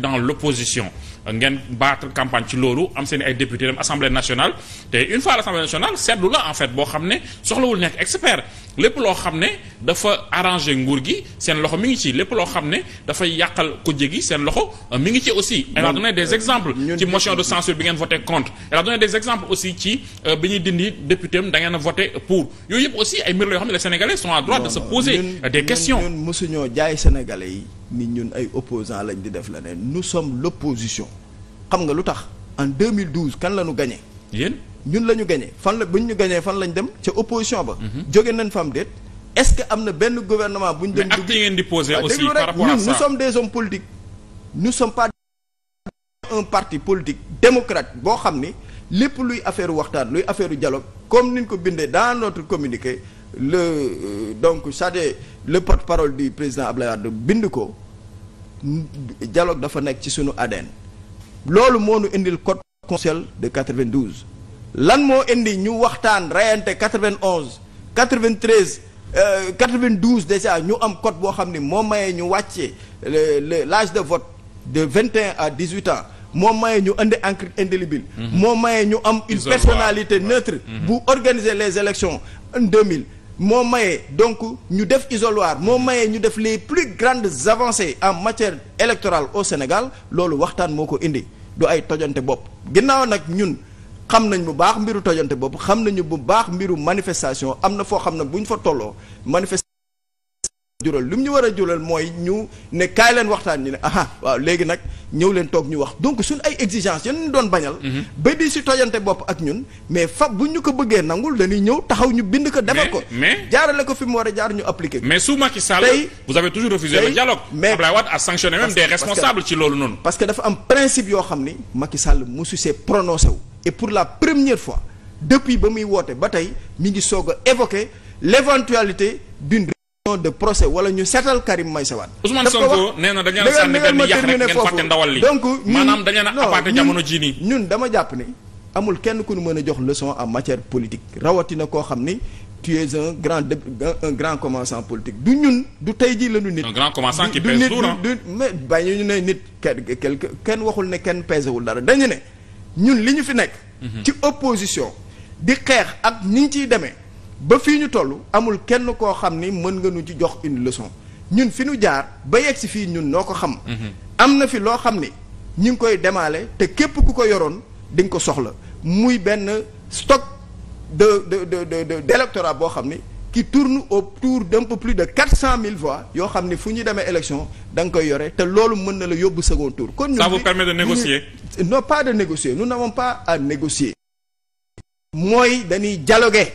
dans l'opposition ngeen battre campagne ci loolu am seen ay député dem assemblée nationale te une fois l'assemblée nationale seetlu la en fait boo xam ne soxlawul nekk expert lépp loo xam ne dafa arrangé nguur gi seen loxo mi ngi ci lépp loo xam ne dafay yàqal ko jégi seen loxo euh, mu ngi ci aussi elle a donné des euh, exemples ci motion de censure bi ngeen voté contre elle a donné des exemples aussi ci euh, bi ñuy dindi député am da ngeen a voté pour yooyu yëpp aussi ay mbir la yoo xam ne les sénégalais sont à droit de se poser des questions ñun mosuñoo jaay sénégalais yi ni ñun ay opposants lañ di def la ne nous sommes l'opposition xam nga lu tax en 2012 kan la ñu gagné yéen ñun la ñu gagné fan la bu ñu gagné fan lañ dem ca opposition ba mhm. jóge nañ fa am déet est-ce que am na benn gouvernement bu ñu dem. mais acte yi ngeen di poser aussi par rapport à ça nous sommes des hommes politiques parti politique démocrate boo xam ni lépp luy affaire waxtaan luy affaire dialogue comme ni ñu ko bindee dans notre communiqué le euh, donc c'est le porte-parole du président Abdoulaye Wade bind ko dialogue dafa nekk ci sunu ADN. loolu moo nu indil code constitutionnel de 92 lan moo indi ñu waxtaan reyante 91 93. 92 euh, déjà ñu am code boo xam ni moo mayee ñu wàccee le l'âge de vote de vingt 21 à 18 ans moo mayee ñu indi encre indélébile mhm. moo mayee ñu am une personnalité neutre mhm. bu organiser les élections deux 2000 moo mayee donc ñu def isoloir moo mayee ñu def les plus grandes avancées en matière électorale au Sénégal loolu waxtaan moo ko indi du ay tojante bopp ginnaaw nag ñun xam nañ bu baax mbiru tojante boobu xam nañu bu baax mbiru manifestation am na foo xam ne bu ñu fa tolloo manifestation jural li mu ñu war a jural mooy ñu ne kaay leen waxtaan ñu ne aha waaw léegi nag ñëw leen toog ñu wax donc suñ ay exigence yéen ñu doon bañal mhm. ba di si tojante bopp ak ñun mais fa bu ñu ko bëggee nangul dañuy ñëw taxaw ñu bind ko defal ko mais jaarale ko fi mu war a jaar ñu appliqué mais sous Macky Sall vous avez toujours refusé le a sanctionné même des responsables ci parce que dafa am principe yoo xam ni Macky Sall mosu see prononcé wu et pour la première fois depuis ba muy woote ba tey mi ngi soog a évoquer l'éventualité d'une de procès wala ñu seetal Karim Meïssa Wade. Ousmane Sonko nee na dañu la sànni benn yàq rek ngeen fàtte ndawal li donc ñun maanaam dañu la nii. ñun dama jàpp ni amul kenn ku nu mën a jox leçon en matière politique rawatina koo xam ni tu es un grand un grand commençant politique du ñun du tey jii la ñu nit. un grand commençant qui nit du mais ne nit kenn kenn waxul ne kenn pesewul dara dañu ne. ñun li ñu fi nekk. Mhm. ci opposition di xeex ak ni ñu ciy demee ba fii ñu toll amul kenn koo xam ni mën nga ñu ci jox une leçon ñun fi ñu jaar ba yegg si fii ñun noo ko xam. Mhm. am na fi loo xam ni ñu ngi koy demaale te képp ku ko yoroon di nga ko soxla muy benn stock de de de de de boo xam ni. qui tourne autour d'un peu plus de quatre cent mille voix yoo xam ne fu ñu demee élection da nga koy yore te loolu mën na la yóbbu second tour. kon ñu ça vous permet non pas de négocier nous n'avons pas mooy dañuy dialoguer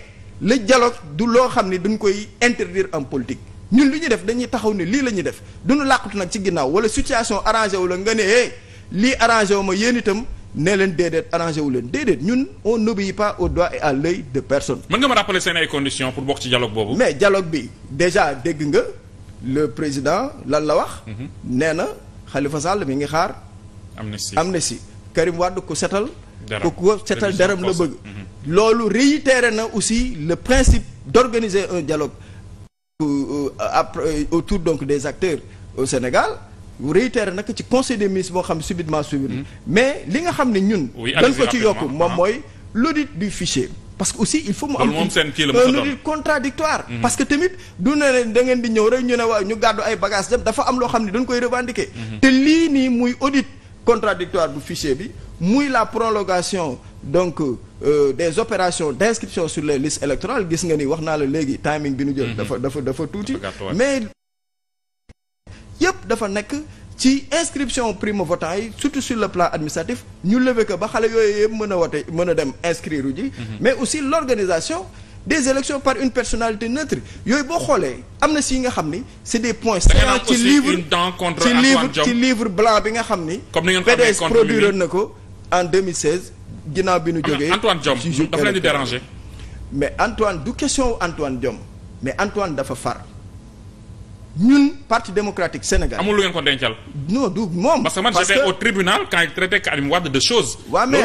le dialogue du loo xam ne dañ koy interdire en politique ñun lu ñu def dañuy taxaw ne lii la ñuy def duñu làqatu nag ci ginnaaw wala situation arrangé wu la nga ne eh, lii arrangé wu ma yéen itam ne leen déedéet arrangé wu leen déedéet ñun on n'obéit pas au doigt et à l'œil de personne. mën nga ma rappeler seen ay conditions pour bokk ci dialogue boobu. mais jalog bi déjà dégg nga le président lan la wax. Mhm. nee na Khalifa Sall mi ngi xaar. amnistie amnistie. Karim Wade ku setal ku ko setal deram la bëgg mhm. loolu réitéré na aussi le principe d'organiser un dialogue euh, après euh, autour donc des acteurs au Sénégal réitéré nag ci conseil de ministres boo xam ne subitement suivi mhm. mais li nga xam ne ñun dañ ko ci yokk moom ah. mooy l'audit du fichier parce que aussi il faut mu am un audit contradictoire mhm. parce que tamit du ne da ngeen di ñëw rek ñu ne waaw ñu gàddu ay bagages dem dafa am loo xam ne dañ koy revendiquer te lii contradictoire bu fichier bi muy la prolongation donc euh, des opérations d'inscription sur les listes électorales gis nga ni wax naa la léegi timing bi nu jël mm-hmm. dafa dafa dafa tuuti mais yëpp dafa nekk ci inscription primo votant yi surtout sur le plan administratif ñu lever ko ba xale yooyu yëpp mën a wote mën a dem inscrire ji mm-hmm. mais aussi l'organisation des élections par une personnalité neutre yooyu boo xoolee am na si nga xam ni c'est des points saillants ci livre ci livre blanc bi nga xam ni comme produire na ko en 2016 ginnaaw bi nu jógee Antoine Diome dafa leen di déranger mais Antoine du question Antoine Diome mais Antoine dafa far ñun parti démocratique Sénégal. amul lu ngeen ko dencal. non du moom. parce que man j'étais au tribunal quand il traitait Karim Wade de choses. waaw mais